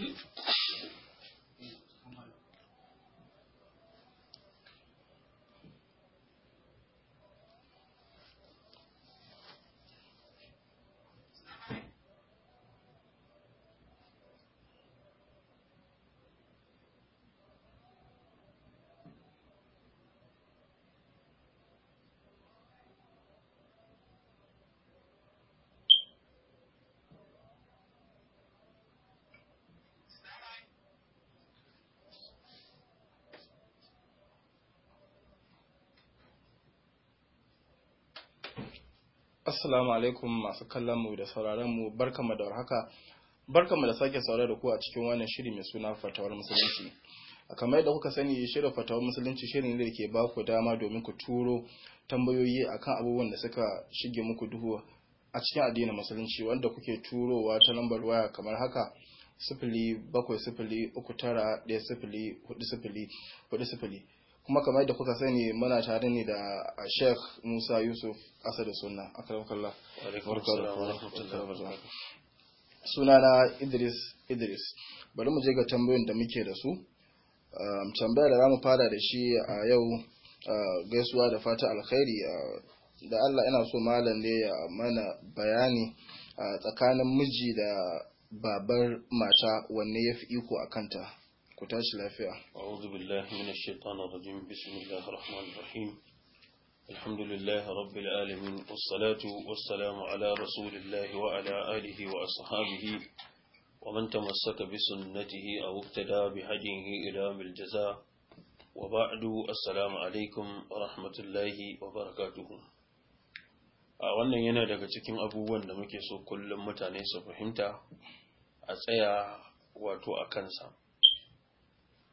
Mm-hmm. Assalamu alaikum masu kallon mu da sauraron mu barkamu da warhaka. Barkamu da sake saurare da ku a cikin wannan shiri mai suna fatawar musulunci. Kamar yadda kuka sani shirin fatawar musulunci shirin ne da ke ba ku dama domin ku turo tambayoyi akan abubuwan da suka shige muku duhu a cikin addinin musulunci wanda kuke turowa ta lambar waya kamar haka sifili bakwai sifili uku tara daya sifili hudu sifili kuma kamar da kuka sani muna tare ne da Sheikh Musa Yusuf Asadu karfin kalla. suna na Idris Idris bari mu je ga tambayoyin da muke da su tambaya da ramu fara da shi a yau gaisuwa da fata alkhairi da Allah ina so malam ne ya mana bayani tsakanin miji da babar mata wanne ya fi iko a kanta ku tashi lafiya a'udhu billahi minash shaitanir rajim bismillahir rahmanir rahim alhamdulillahi rabbil alamin was salatu ala rasulillahi wa ala alihi wa ashabihi wa man tamassaka bi sunnatihi aw iqtada bi hadihi ila mil jazaa wa ba'du assalamu alaikum wa rahmatullahi wa barakatuhu a wannan yana daga cikin abubuwan da muke so kullum mutane su fahimta a tsaya wato a kansa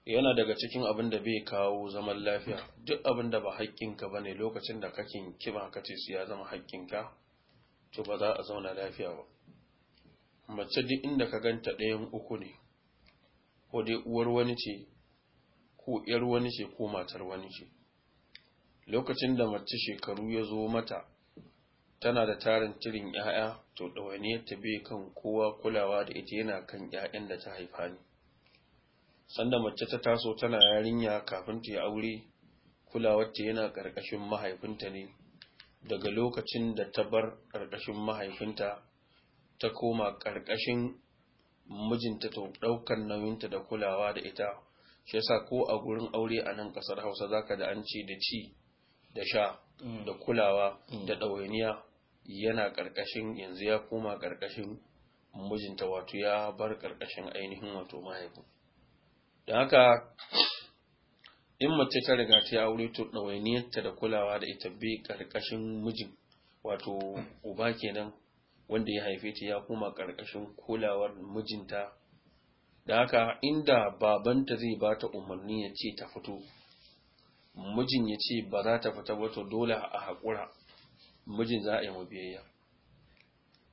yana daga cikin abin da bai kawo zaman lafiya duk abin da ba haƙƙinka ba ne lokacin da kakin kiba ka ce su ya zama haƙƙinka to ba za a zauna lafiya ba mace duk inda ka ganta ɗayan uku ne ko dai uwar wani ce ko ‘yar wani ce ko matar wani ce lokacin da mace shekaru ya zo mata tana da tarin tirin ‘ya'ya to ɗawainiyar ta bai kan kowa kulawa da ita yana kan ‘ya'yan da ta haifa ne sanda mace ta taso tana yarinya kafin ta yi aure kulawarta yana ƙarƙashin mahaifinta ne daga lokacin da ta bar ƙarƙashin mahaifinta ta koma ƙarƙashin mijinta to ɗaukar nauyinta da kulawa da ita shi yasa ko a gurin aure a nan ƙasar hausa zaka da an ce da ci da sha mm. da kulawa mm. da ɗawainiya yana ƙarƙashin yanzu ya koma ƙarƙashin mijinta wato ya bar ƙarƙashin ainihin wato mahaifin da haka in mace ta riga ta aure to ɗawainiyarta da kulawa da ita bi ƙarƙashin mijin wato uba kenan wanda ya haife ta ya kuma ƙarƙashin kulawar mijinta da haka inda babanta zai ba ta umarni ya ce ta fito mijin ya ce ba za ta fita wato dole a haƙura mijin za a yi biyayya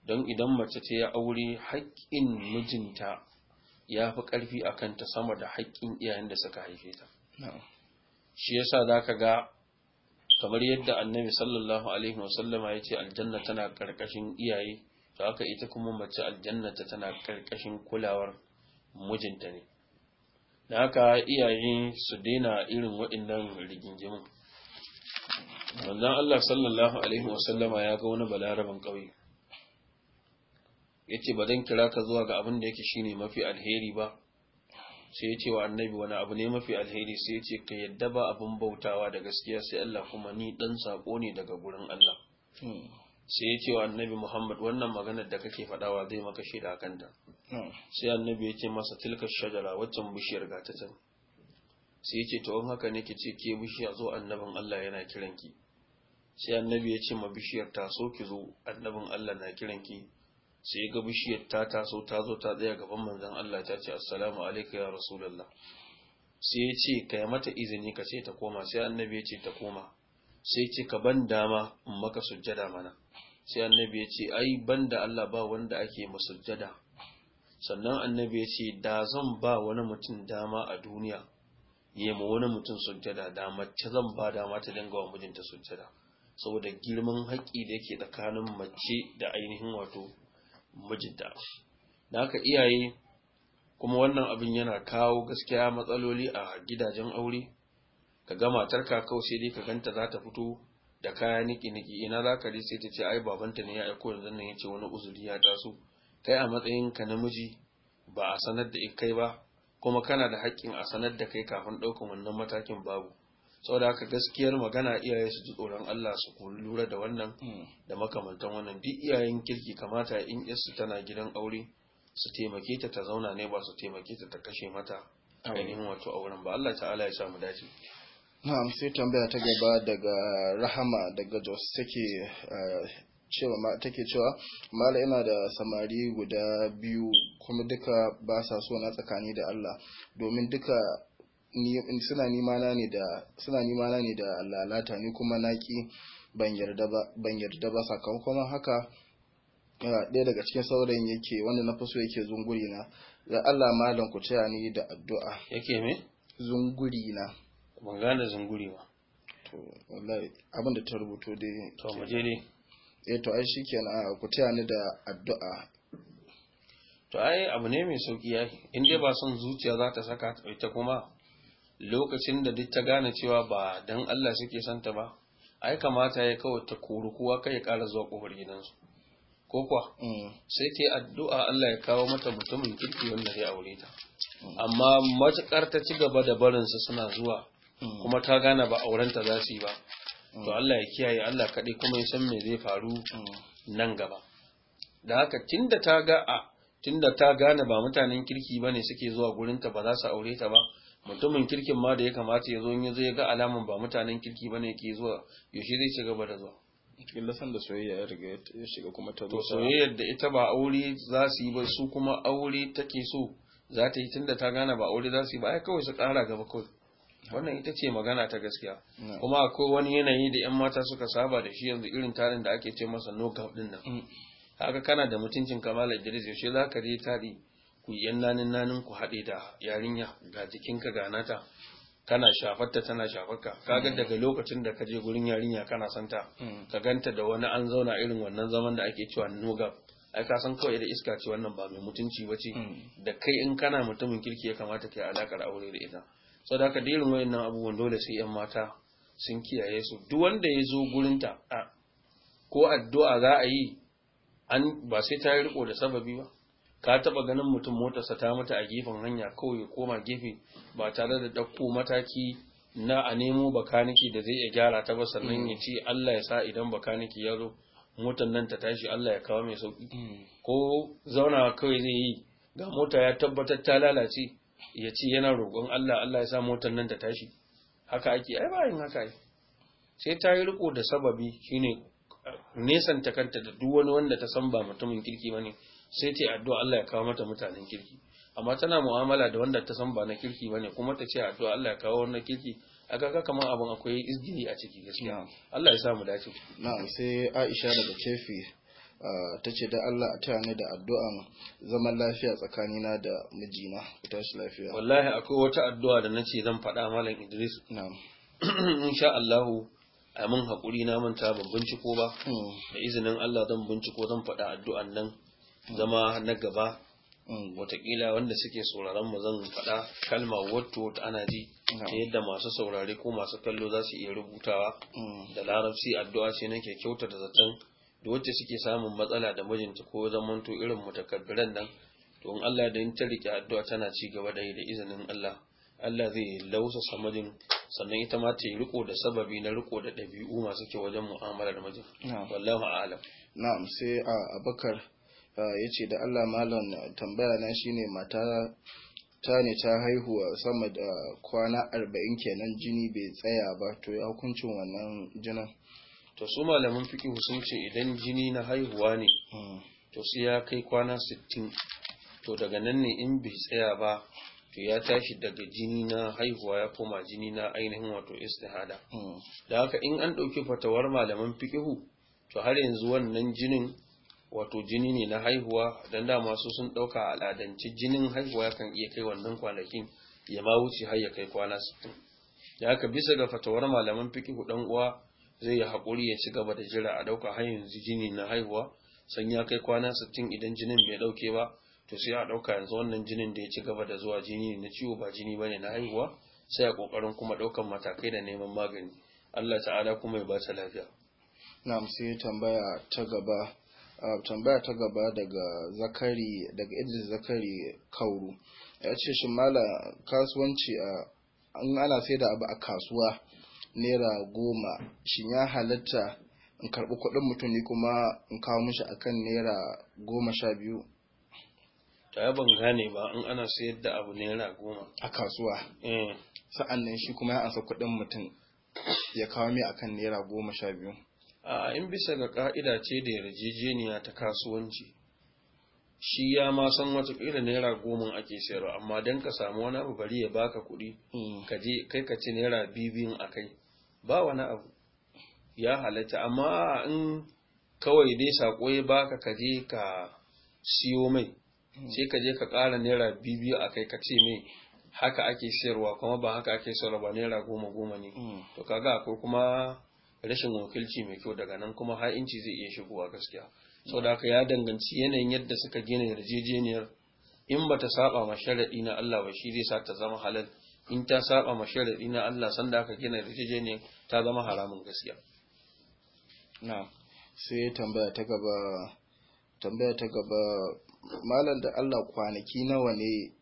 don idan mace ta ya aure haƙƙin mijinta ya fi ƙarfi a kanta sama da haƙƙin iyayen da suka haife ta shi ya sa za ka ga kamar yadda annabi sallallahu alaihi wasallama ya ce aljanna tana ƙarƙashin iyaye to haka ita kuma mace aljanna ta tana ƙarƙashin kulawar mijinta ne da haka iyaye su daina irin waɗannan rigingimin wannan Allah sallallahu alaihi wasallama ya ga wani balarabin ƙauye ya ce ba zan kira ka zuwa ga abin da yake shine mafi alheri ba sai ya ce wa annabi wani abu ne mafi alheri sai ya ce ka yadda ba abin bautawa da gaskiya sai Allah kuma ni dan sako ne daga gurin Allah hmm. sai ya ce wa annabi Muhammad wannan maganar da kake faɗawa zai maka shaida a kanta hmm. sai annabi ya ce masa tilka shajara waccan bishiyar ga can sai ya ce to in haka nake ce ke bishiya zo annabin Allah yana kiranki sai annabi ya ce ma bishiyar ta so ki zo annabin Allah na kiranki sai ga bishiyar ta taso ta zo ta tsaya gaban manzon Allah ta ce assalamu alayka ya rasulullah sai ya ce kai mata izini ka ce ta koma sai annabi ya ce ta koma sai ya ce ka ban dama in maka sujjada mana sai annabi ya ce ai banda Allah ba wanda ake masujjada sannan annabi ya ce da zan ba wani mutum dama a duniya ya ma wani mutum sujjada da mace zan ba dama ta dinga wa mijinta sujjada saboda girman haƙƙi da yake tsakanin mace da ainihin wato mijinta da haka iyaye kuma wannan abin yana kawo gaskiya matsaloli a gidajen aure ka ga matarka kawo sai dai ka ganta za ta fito da kaya niki-niki ina za ka sai ta ce ai babanta ne ya aiko yanzu nan ya ce wani uzuri ya taso kai a matsayin ka namiji ba a sanar da kai ba kuma kana da haƙƙin a sanar da kai kafin ɗaukan wannan matakin babu saboda haka gaskiyar magana iyaye su ji tsoron Allah su lura da wannan hmm. da makamantan wannan duk iyayen kirki kamata in yarsu tana gidan aure su taimake ta ta zauna ne ba su taimake ta ta kashe mata ainihin wato auren ba Allah ta'ala ya sa mu dace na'am sai tambaya ta gaba daga rahama daga jos take eh, cewa ma take cewa mala ina da samari guda biyu kuma duka ba sa so na tsakani da Allah domin duka suna nimana ne da ne da lalata ni kuma naki ban yarda ba sakamakon haka ɗaya daga cikin saurayin yake wanda na fi so yake zunguri na ga Allah malam ku taya ni da addu'a yake me zunguri na ban gane zunguri ba to wallahi abin da ta rubuto dai to maje ne eh to ai shikenan ku taya ni da addu'a to ai abu ne mai sauki yayi in dai ba son zuciya za ta saka ta kuma lokacin da duk ta gane cewa ba dan Allah suke santa ba ai kamata ya kawai ta kori kowa kai ya ƙara zuwa ƙofar gidansu ko kuwa mm. sai ta addu'a Allah ya kawo mata mutumin kirki wanda ya aure ta mm. amma matuƙar ta ci gaba da barinsa suna zuwa mm. kuma ta gane ba aurenta za su yi ba to Allah ya kiyaye Allah kaɗai kuma ya san me zai faru nan gaba da haka tunda ta ta gane ba mutanen kirki ba ne suke zuwa gurinta ba za su aure ta ba mutumin kirkin ma da ya kamata ya zo in ya ya ga alamun ba mutanen kirki bane yake zuwa yaushe zai ci gaba da zuwa cikin lasan da soyayya ya riga ya shiga kuma ta zo soyayyar da ita ba aure za su yi ba su kuma aure take so za ta yi tunda ta gane ba aure za su yi ba ai kawai su ƙara gaba kawai wannan ita ce magana ta gaskiya kuma akwai wani yanayi da yan mata suka saba da shi yanzu irin tarin da ake ce masa no gap din nan mm. haka kana da mutuncin kamala idris yaushe za ka je tari ku yan nanin nanin ku haɗe da yarinya ga jikinka ga nata kana shafarta tana shafarka kaga mm. daga lokacin da ka je gurin yarinya kana santa mm. ka ganta da wani an zauna irin wannan zaman da ake cewa noga ai ka san kawai da iska ce wannan ba mai mutunci ba ce mm. da kai in kana mutumin kirki ya kamata ka yi alakar aure da ita sau da ka irin wayannan abubuwan dole sai yan mata sun kiyaye su duk wanda ya zo gurin ta ko addu'a za a yi an ba sai ta riko da sababi ba ka taba ganin mutum motarsa ta mata a gefen hanya kawai ya koma gefe ba tare da ɗauko mataki na a nemo bakaniki da zai iya gyara ta ba sannan ya ce Allah ya sa idan bakaniki ya zo motar nan ta tashi Allah ya kawo mai sauki hmm. ko zauna kawai zai yi ga mota ya tabbatar ta lalace ya ce yana roƙon Allah Allah ya sa motar nan ta tashi haka ake ai bayan haka ai sai ta yi riko da sababi shine nesanta kanta da duk wani wanda ta san ba mutumin kirki bane ne sai ta yi addu'a Allah ya kawo mata mutanen kirki amma tana mu'amala da wanda ta san ba na kirki bane kuma ta ce addu'a Allah ya kawo wannan kirki a kaka kamar abin akwai izgiri a ciki gaskiya Allah ya sa mu dace na'am sai Aisha daga Cefi ta ce da Allah a taya ni da addu'an zaman lafiya tsakanina da mijina ku tashi lafiya wallahi akwai wata addu'a da nace zan faɗa malam Idris na'am insha Allah a mun haƙuri na manta ban binciko ba hmm. da izinin Allah zan binciko zan faɗa addu'an nan zama na gaba mm, watakila wanda suke sauraron mu zan faɗa kalma word word ana ji ta yadda masu saurare ko masu kallo za su iya rubutawa mm. da larabci addu'a ce nake kyauta da zaton da wacce suke samun matsala da mijinta ko zaman to irin mutakabbiran nan to in Allah da in ta rike addu'a tana ci gaba da yi da izinin Allah Allah zai lausa samadin sannan ita ma ta yi riko da sababi na riko da ɗabi'u masu kyau wajen mu'amala da mijin wallahu a'lam na'am sai a ah, abakar Ah, ya ce da Allah malam tambaya na shine mata ta ne ta haihuwa sama da kwana arba'in kenan jini bai tsaya ba to ya hukuncin wannan jinin to su malaman fikihu sun ce idan jini na haihuwa ne hmm. to su ya kai kwana sittin to daga nan ne in bai tsaya ba to ya tashi daga jini na haihuwa ya koma jini na ainihin wato istihada hmm. da haka in an ɗauki fatawar malaman fikihu to har yanzu wannan jinin wato jini ne na haihuwa don dama su sun ɗauka al'adance jinin haihuwa kan iya kai wannan kwanakin ya ma wuce har ya kai kwana 60 da haka bisa ga fatawar malaman fiki dan uwa zai yi haƙuri ya ci gaba da jira a ɗauka har yanzu jini na haihuwa san ya kai kwana sittin idan jinin bai ɗauke ba to sai a ɗauka yanzu wannan jinin da ya ci gaba da zuwa jini na ciwo ba jini ba ne na haihuwa sai a ƙoƙarin kuma ɗaukan matakai da neman magani Allah ta'ala kuma ya ba ta lafiya. Na'am sai tambaya ta gaba tambaya ta gaba daga zakari daga idris zakari kauru ya ce shi mala kasuwanci a an ana sai da abu a kasuwa naira goma shi ya halatta in karɓi kuɗin mutum ne kuma in kawo mishi akan naira goma sha biyu ta ban gane ba in ana sayar da abu naira goma a kasuwa eh. sa'an nan shi kuma ya ansa kuɗin mutum ya kawo mai akan naira goma sha biyu a in bisa ga ka'ida ce da yarjejeniya ta kasuwanci shi ya ma san watakila naira goma ake sayarwa amma don ka samu wani abu bari ya baka kuɗi eh. ka je kai ka ci naira bibin a kai ba wani abu ya halatta amma in kawai dai sako ya baka ka je ka siyo mai hmm. sai ka je ka ƙara naira bibiyu a kai ka ce mai haka ake sayarwa kuma ba haka ake sayarwa naira goma goma ne hmm. to kaga akwai kuma rashin wakilci mai kyau daga nan kuma ha'inci zai iya shigowa gaskiya sau da haka ya danganci yanayin yadda suka gina yarjejeniyar in ba ta saba ma sharaɗi na Allah ba shi zai sa ta zama halal in ta saba ma sharaɗi na Allah sanda aka gina yarjejeniyar ta zama haramun gaskiya na sai tambaya ta gaba tambaya ta gaba malam da Allah kwanaki nawa ne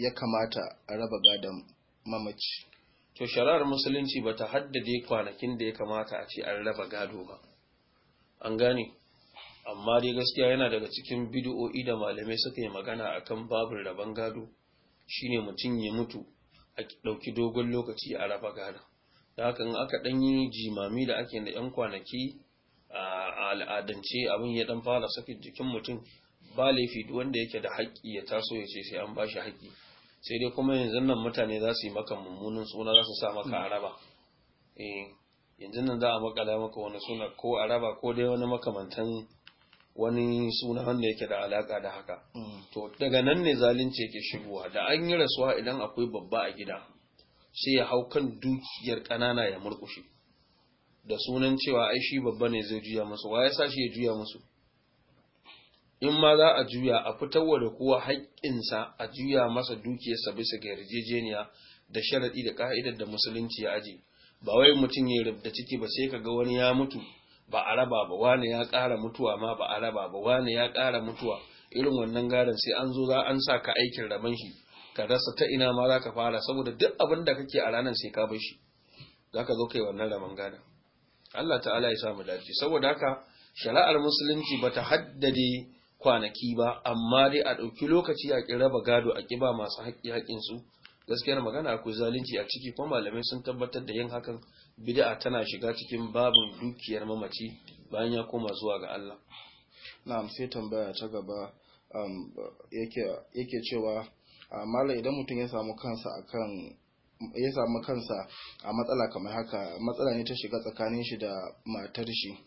ya kamata a raba gadon mamaci to shari'ar musulunci ba ta haddade kwanakin da ya kamata a ce an raba gado ba an gane amma dai gaskiya yana daga cikin bidiyo'i da malamai suka yi magana akan babin raban gado shine mutum ya mutu a ɗauki dogon lokaci a raba gado da haka in aka ɗan yi jimami da ake da 'yan kwanaki a al'adance abin ya ɗan fara sakin jikin mutum ba laifi wanda yake da haƙƙi ya taso ya ce sai an ba shi haƙƙi sai dai kuma yanzu nan mutane za su yi maka mummunan suna za su sa maka mm. araba raba. Eh, yanzu nan za a makala maka wani suna ko araba ko dai wani makamantan wani suna wanda yake da alaka da haka mm. to daga nan ne zalunci yake shigowa da an yi rasuwa idan akwai babba a gida sai ya hau kan dukiyar ƙanana ya murkushe. da sunan cewa ai shi babba ne zai juya musu wa ya sa shi ya juya musu in ma za a juya a fitarwa da kowa haƙƙinsa a juya masa dukiyarsa bisa ga yarjejeniya da sharaɗi da ƙa'idar da musulunci ya aje ba wai mutum ya rubda ciki ba sai kaga wani ya mutu ba a raba ba wani ya ƙara mutuwa ma ba a raba ba wani ya ƙara mutuwa irin wannan gadon sai an zo za an sa ka aikin raban shi ka rasa ta ina ma za ka fara saboda duk abin da kake a ranar sai ka bar shi za ka zo kai wannan raban gadon Allah ta'ala ya samu dace saboda haka shari'ar musulunci ba ta haddade kwanaki ba amma dai a ɗauki lokaci a ƙin raba gado a ƙiba masu haƙƙi haƙƙinsu gaskiyar magana akwai zalunci a ciki kuma malamai sun tabbatar da yin hakan bid'a tana shiga cikin babin dukiyar mamaci bayan ya koma zuwa ga Allah na'am sai tambaya ta gaba um, yake cewa ah, malam idan mutum ya samu kansa akan ya samu kansa a matsala kamar haka matsala ne ta shiga tsakanin shi da matar shi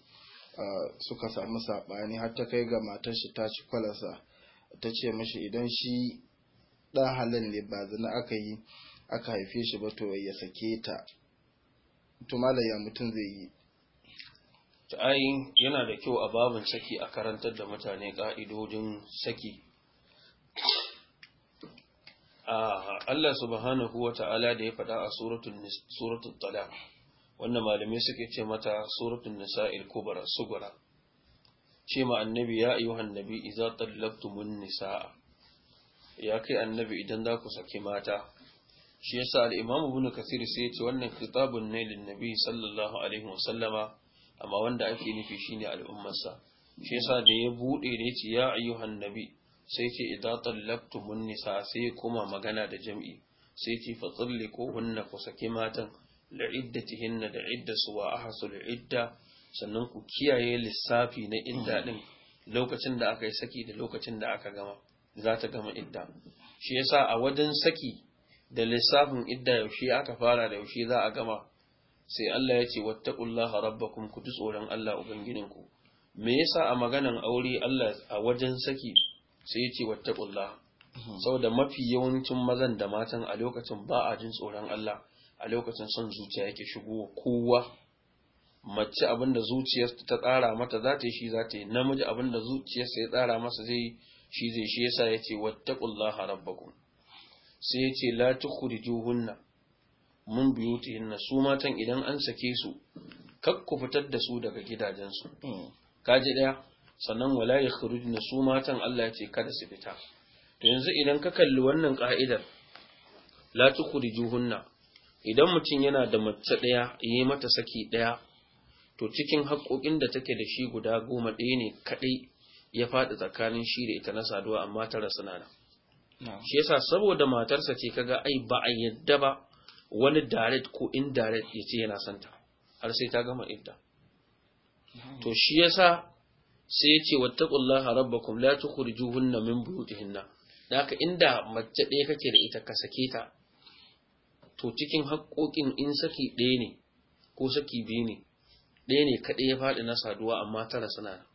suka samu saɓani har ta kai ga matar shi ta ci kwalarsa ta ce mashi idan shi ɗan halin ne ba zina aka yi aka haife shi ba to ya sake ta to malaya mutum zai yi ta'ayin yana da kyau a babin saki a karantar da mutane ƙa'idodin saki ah, Allah subhanahu wa ta'ala da ya faɗa a suratul talaq Wannan malamai suke ce mata suratul nisa'il kubra sugura ce ma annabi ya ayyuha annabi idza tallaqtumun nisaa ya kai annabi idan za ku saki mata shi yasa al-imamu ibn kathir sai ce wannan kitabun ne lin nabi sallallahu alaihi sallama, amma wanda ake nufi shine al'ummarsa shi yasa da ya bude ne ce ya ayyuhan nabi sai ce idza tallaqtumun nisaa sai kuma magana da jam'i sai ce fa tsallikuhunna ku saki matan da iddatihinna da iddasu wa su idda sannan ku kiyaye lissafi na idda din lokacin da aka yi saki da lokacin da aka gama za ta gama idda shi yasa a wajen saki da lissafin idda yaushe aka fara da yaushe za a gama sai Allah ya ce wattaqullaha rabbakum ku tsoron Allah ubangijinku me yasa a maganan aure Allah a wajen saki sai ya ce wattaqullaha saboda mafi yawancin mazan da matan a lokacin ba a jin tsoron Allah a lokacin son zuciya yake shigo kowa mace abinda zuciyarsa ta tsara mata za ta yi shi za ta yi namiji abinda zuciyarsa ya tsara masa zai yi shi zai shi yasa yace wattaqullaha rabbakum sai yace la tukhrijuhunna mun buyutihinna su matan idan an sake su kak ku fitar da su daga gidajensu hmm. kaji ɗaya sannan wala yakhrujna su matan Allah ya ce kada su fita to yanzu idan ka kalli wannan ka'idar la tukhrijuhunna idan mutum yana da mace ɗaya yi mata saki ɗaya to cikin haƙoƙin da take da shi guda goma ɗaya ne kaɗai ya faɗi tsakanin shi da ita na saduwa amma ta suna nan shi yasa saboda matarsa ce kaga ai ba a yadda ba wani direct ko indirect ya ce yana santa har sai ta gama idda to shi yasa sai ya ce wattaqullaha rabbakum la tukhrijuhunna min buyutihinna haka inda mace ɗaya kake da ita ka sake ta to cikin haƙoƙin in saki ɗaya ne ko saki biyu ne ɗaya ne kaɗai ya faɗi na saduwa amma tara suna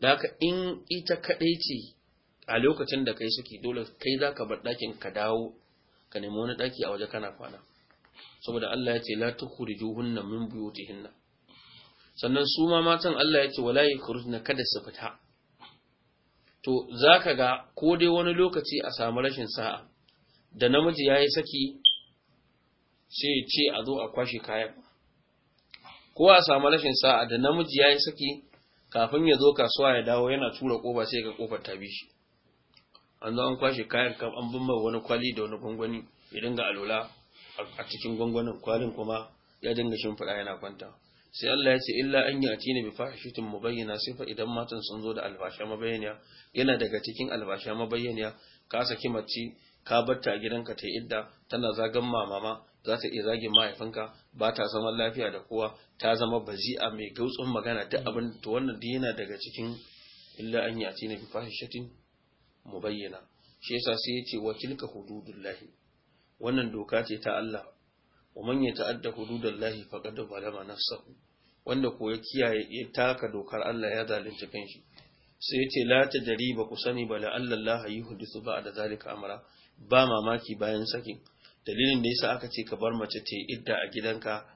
da haka in ita kaɗai ce a lokacin da kai saki dole kai za ka bar ɗakin ka dawo ka nemi wani ɗaki a waje kana kwana saboda Allah ya ce la tukhrijuhunna min buyutihinna sannan su ma matan Allah ya ce wala yakhrujna kada su fita to zaka ga ko dai wani lokaci a samu rashin sa'a da namiji yayi saki sai ce a zo a kwashe kayan ko a samu rashin sa'a da namiji ya yi saki kafin ya zo kasuwa ya dawo yana tura ƙofa sai ga kofar ta bi shi an zo an kwashe kayan kam an bin wani kwali da wani gwangwani ya dinga alola a cikin gwangwanin kwalin kuma ya dinga shimfiɗa yana kwanta sai Allah ya ce illa an yi a cini bi mu mubayyana sai fa idan matan sun zo da albasha mabayyana yana daga cikin albasha mabayyana ka saki mace ka batta a gidanka ta idda tana zagan mamama za ta iya zagin mahaifinka ba ta zaman lafiya da kowa ta zama bazi'a mai gautsun magana duk abin to wannan duk yana daga cikin illa an yati na bi fahishatin bayyana shi yasa sai ya ce wa tilka hududullahi wannan doka ce ta Allah wa man yata'adda hududallahi faqad zalama nafsahu wanda ko ya kiyaye ya taka dokar Allah ya zalunta kanshi sai ya ce la tajri ba ku sani ba la Allah yuhdithu ba'da zalika amra ba mamaki bayan sakin dalilin da yasa aka ce ka bar mace ta idda a gidanka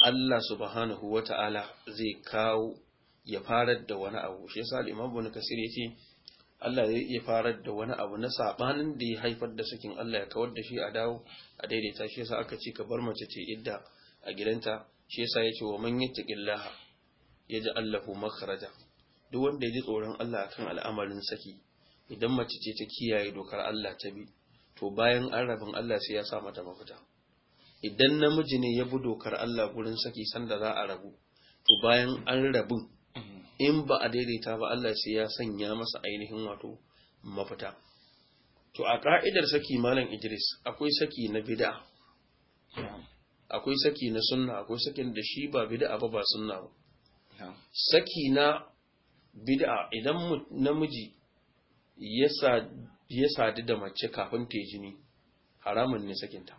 Allah subhanahu wata'ala zai kawo ya fara da wani abu shi yasa imam Ibn Kasir yace Allah zai iya farar da wani abu na sabanin da ya haifar da sakin Allah ya kawar da shi a dawo a daidaita shi yasa aka ce ka bar mace ta idda a gidanta shi yasa yace wa man yattaqillaha yaj'al lahu makhraja duk wanda ya ji tsoron Allah akan al'amarin saki idan mace ce ta kiyaye dokar Allah ta bi to bayan an rabin Allah sai ya sa mata mafita idan namiji ne ya bi dokar Allah gurin saki sanda za a rabu to bayan an rabin in ba a daidaita ba Allah sai ya sanya masa ainihin wato mafita to a ka'idar saki malam Idris akwai saki na bid'a akwai saki na sunna akwai sakin da shi ba bid'a ba ba sunna ba saki na bid'a idan namiji ya sa ya sadu da mace kafin ta jini haramun ne sakinta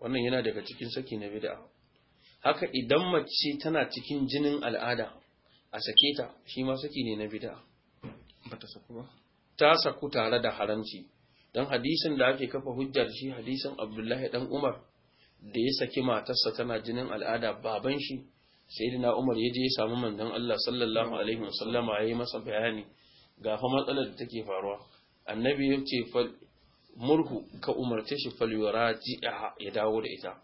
wannan yana daga cikin saki na bid'a haka idan mace tana cikin jinin al'ada a sake ta shi ma saki ne na bid'a bata saku ba ta saku tare da haramci dan hadisin da ake kafa hujjar shi hadisin Abdullahi dan Umar da ya saki matarsa tana jinin al'ada baban shi sayyidina Umar ya je ya samu manzon Allah sallallahu alaihi wasallama yayi masa bayani ga fa matsalar da take faruwa annabi ya ce murhu ka umarce shi falwara ji'a ya dawo da ita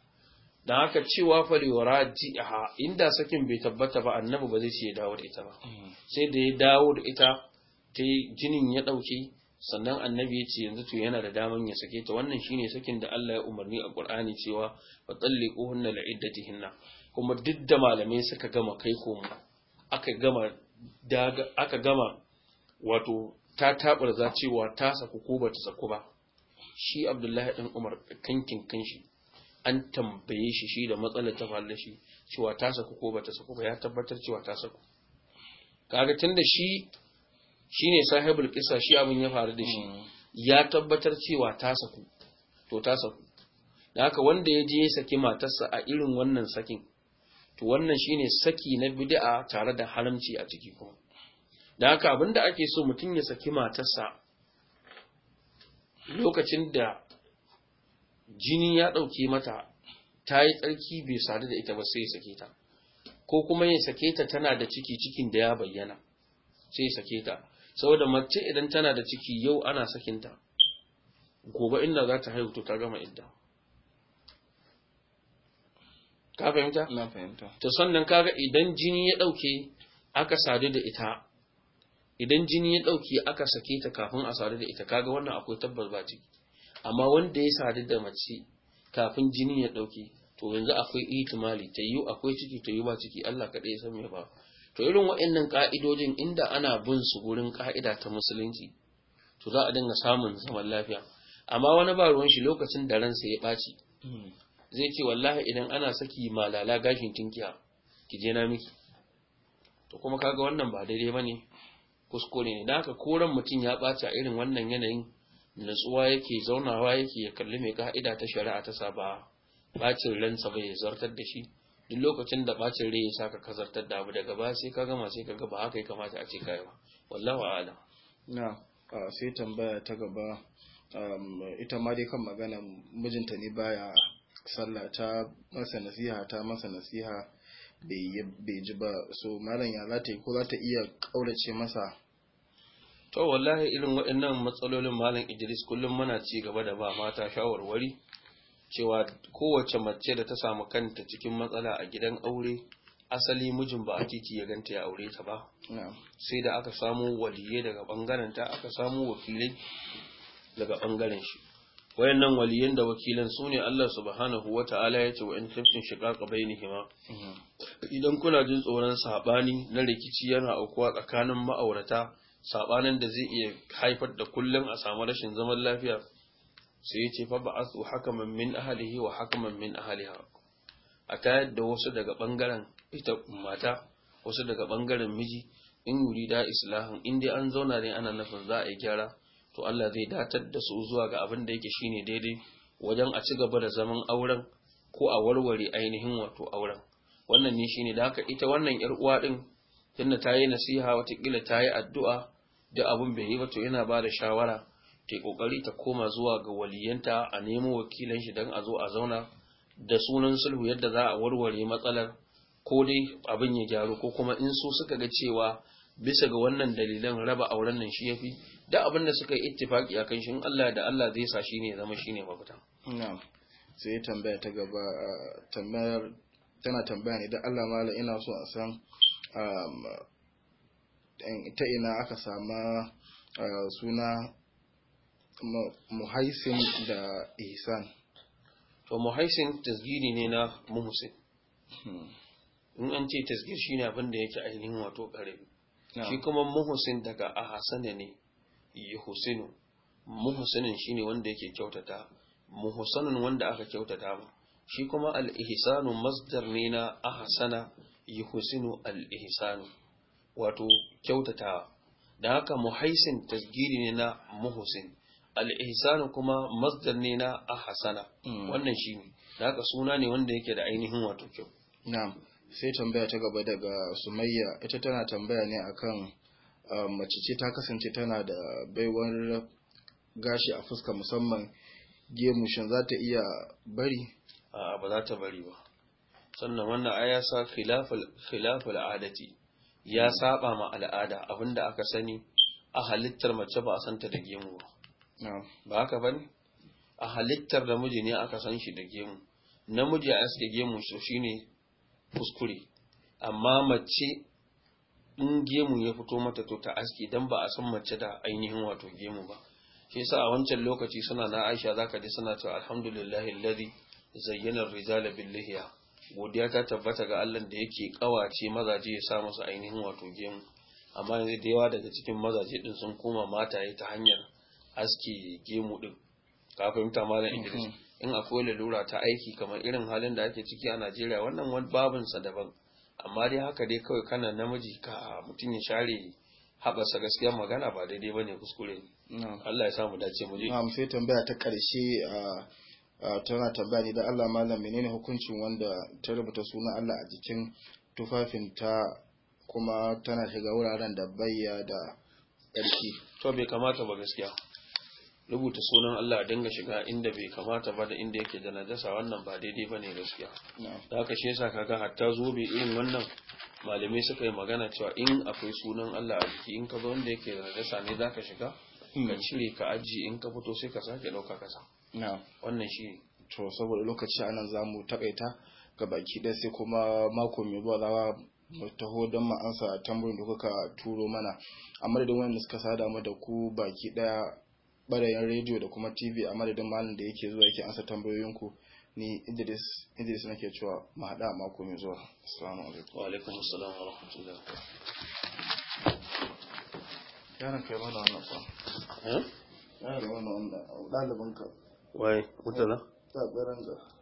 don haka cewa falwara ji'a inda sakin bai tabbata ba annabi ba zai ce ya dawo da ita ba mm. sai da ya dawo da ita ta jinin ya ɗauki sannan annabi ya ce yanzu to yana da daman ya sake ta wannan shine sakin da Allah ya umarni a Qur'ani cewa fa talliquhunna li'iddatihinna kuma duk da malamai suka gama kai koma aka gama aka gama wato ta za cewa ta saku ko ba ta saku ba shi abdullahi ɗan umar kankin kanshi an tambaye shi shi da matsalar ta faru shi cewa ta saku ko ba ta saku ba ya tabbatar cewa ta saku kaga tunda shi shine sahibul qissa shi abin ya faru da shi mm. ya tabbatar cewa ta saku to ta saku da haka wanda ya je ya saki matarsa a irin wannan sakin to wannan shine saki na bid'a tare da haramci a ciki kuma da haka abin da ake so mutum ya saki matarsa lokacin da jini ya ɗauke mata ta yi tsarki bai sadu da ita ba sai ya sake ta ko kuma ya sake ta tana da ciki cikin da ya bayyana sai ya sake ta saboda mace idan tana da ciki yau ana sakinta gobe inda za ta haihu to ta gama idda ka fahimta? na fahimta ta sannan kaga idan jini ya ɗauke aka sadu da ita idan jini ya ɗauke aka sake ta kafin a sadu da ita kaga wannan akwai tabbas ba ciki amma wanda ya sadu da mace kafin jini ya ɗauki, to yanzu akwai itimali ta yiwu akwai ciki ta yiwu ba ciki Allah kaɗai ya san me ba to irin waɗannan ƙa'idojin inda ana bin su gurin ƙa'ida ta musulunci to za a dinga samun zaman lafiya amma wani ba ruwan shi lokacin da ransa ya ɓaci zai ce wallahi idan ana saki malala gashin tinkiya ki je na miki to kuma kaga wannan ba daidai bane kuskure ne da haka koran mutum ya ɓaci a irin wannan yanayin natsuwa yake zaunawa yake ya kalli mai ka'ida ta shari'a ta saba bacin ransa bai zartar da shi duk lokacin da bacin rai ya saka ka zartar da abu daga ba sai ka gama sai ka ga ba haka ya kamata a ce kai ba wallahu na sai tambaya ta gaba ita ma kan magana mijinta ne baya sallah ta masa nasiha ta masa nasiha bai ji ba so malam ya za ta yi ko za ta iya ƙaurace masa to wallahi irin waɗannan matsalolin malam idris kullum muna ci gaba da ba mata shawarwari cewa kowace mace da ta samu kanta cikin matsala a gidan aure asali mijin ba a titi ya ganta ya aure ta ba sai da aka samu waliye daga ɓangaren ta aka samu wakilai daga ɓangaren shi wayannan waliyan da wakilan su ne Allah subhanahu Wata'ala ya ce wa in shiga kabaini hima idan kuna jin tsoron sabani na rikici yana aukuwa tsakanin ma'aurata sabanin da zai iya haifar da kullum a samu rashin zaman lafiya sai ya ce fa ba'athu hakaman min ahlihi wa hakaman min ahliha a tayar da wasu daga bangaren ita mata wasu daga bangaren miji in da islahin in dai an zauna ne ana nufin za a yi gyara to Allah zai datar da su zuwa ga abin da yake shine daidai wajen a ci gaba da zaman auren ko a warware ainihin wato auren wannan ne shine da haka ita wannan yar uwa din tunda ta yi nasiha wata ta yi addu'a da abun bai yi ba to yana ba da shawara ta kokari ta koma zuwa ga waliyanta a nemo wakilan shi dan a zo a zauna da sunan sulhu yadda za a warware matsalar ko dai abin ya gyaru ko kuma in su suka ga cewa bisa ga wannan dalilan raba auren nan shi yafi da abin da suka yi ittifaki a kan shin Allah da Allah zai sa shi ne zama shi ne mafita na'am sai tambaya ta gaba tambayar tana tambaya ne da Allah mala ina so a san um, ta ina aka sama uh, suna muhaisin da ihsan to muhaisin tasgiri ne na muhsin hmm. in an ce tasgir ne abin da yake ainihin wato ƙarfi. shi kuma muhsin daga ahsana ne yuhsinu muhsinin shine wanda yake kyautata muhsanun wanda aka kyautata ma shi kuma al-ihsanu masdar ne na ahsana yuhsinu al-ihsanu wato kyautata da haka muhaisin tasgiri ne na muhsin al-ihsanu kuma masdar ne na ahsana hmm. wannan shine da haka suna ne wanda yake da ainihin wato kyau na'am sai tambaya ta gaba daga sumayya ita tana tambaya ne akan Um, mace ce ta kasance tana da baiwar gashi a fuska musamman gemushin za ta iya bari a ba za ta bari ba sannan wannan aya sa khilaful adati ya saba ma al'ada abinda aka sani a halittar mace ba a santa da gemu ba ba haka bane a halittar da miji ne aka san shi da gemu namiji a aske gemu so shine kuskure amma mace in gemu ya fito mata to ta aski dan ba a san mace da ainihin wato gemu ba shi yasa a wancan lokaci suna na Aisha zaka ji suna cewa alhamdulillahi alladhi zayyana ar-rijala bil lihiya godiya ta tabbata ga Allah da yake kawace mazaje ya sa su ainihin wato gemu amma yanzu da yawa daga cikin mazaje din sun koma mataye ta hanyar aski gemu din ka fahimta malam Idris mm-hmm. in akwai lalura ta aiki kamar irin halin da ake ciki a Najeriya wannan wani babinsa daban amma dai haka dai kawai kana namiji ka mutum ya share haɓasa gaskiya magana ba daidai ba ne kuskure ne Allah ya samu dace mu je sai tambaya ta ƙarshe tana tambaya ne da Allah malam menene hukuncin wanda ta rubuta sunan Allah a jikin tufafinta kuma tana shiga wuraren da bayya da ƙarfi to bai kamata ba gaskiya rubuta sunan Allah dinga shiga inda bai kamata ba da inda yake da najasa wannan ba daidai ba ne gaskiya da haka shi yasa kaga hatta zobe irin wannan malamai suka yi magana cewa in akwai sunan Allah a jiki in ka zo inda yake da najasa ne zaka shiga ka hmm. cire ka aji in ka fito sai ka sake ɗauka kasa wannan shi to saboda lokaci anan zamu takaita ga baki ɗaya sai kuma mako mai zuwa za mu taho don mu ansa tambayoyin da kuka turo mana a madadin wannan suka sada mu da ku baki ɗaya barayin rediyo da kuma tv a madadin malin da yake zuwa yake ansa tambayoyinku ni idris idris nake cewa mu haɗa mako mai zuwa assalamu alaikum wa alaikum assalam wa rahmatullahi yana kai mana wannan kwa eh yaran wannan ɗalibinka wai mutala ta ɓaranga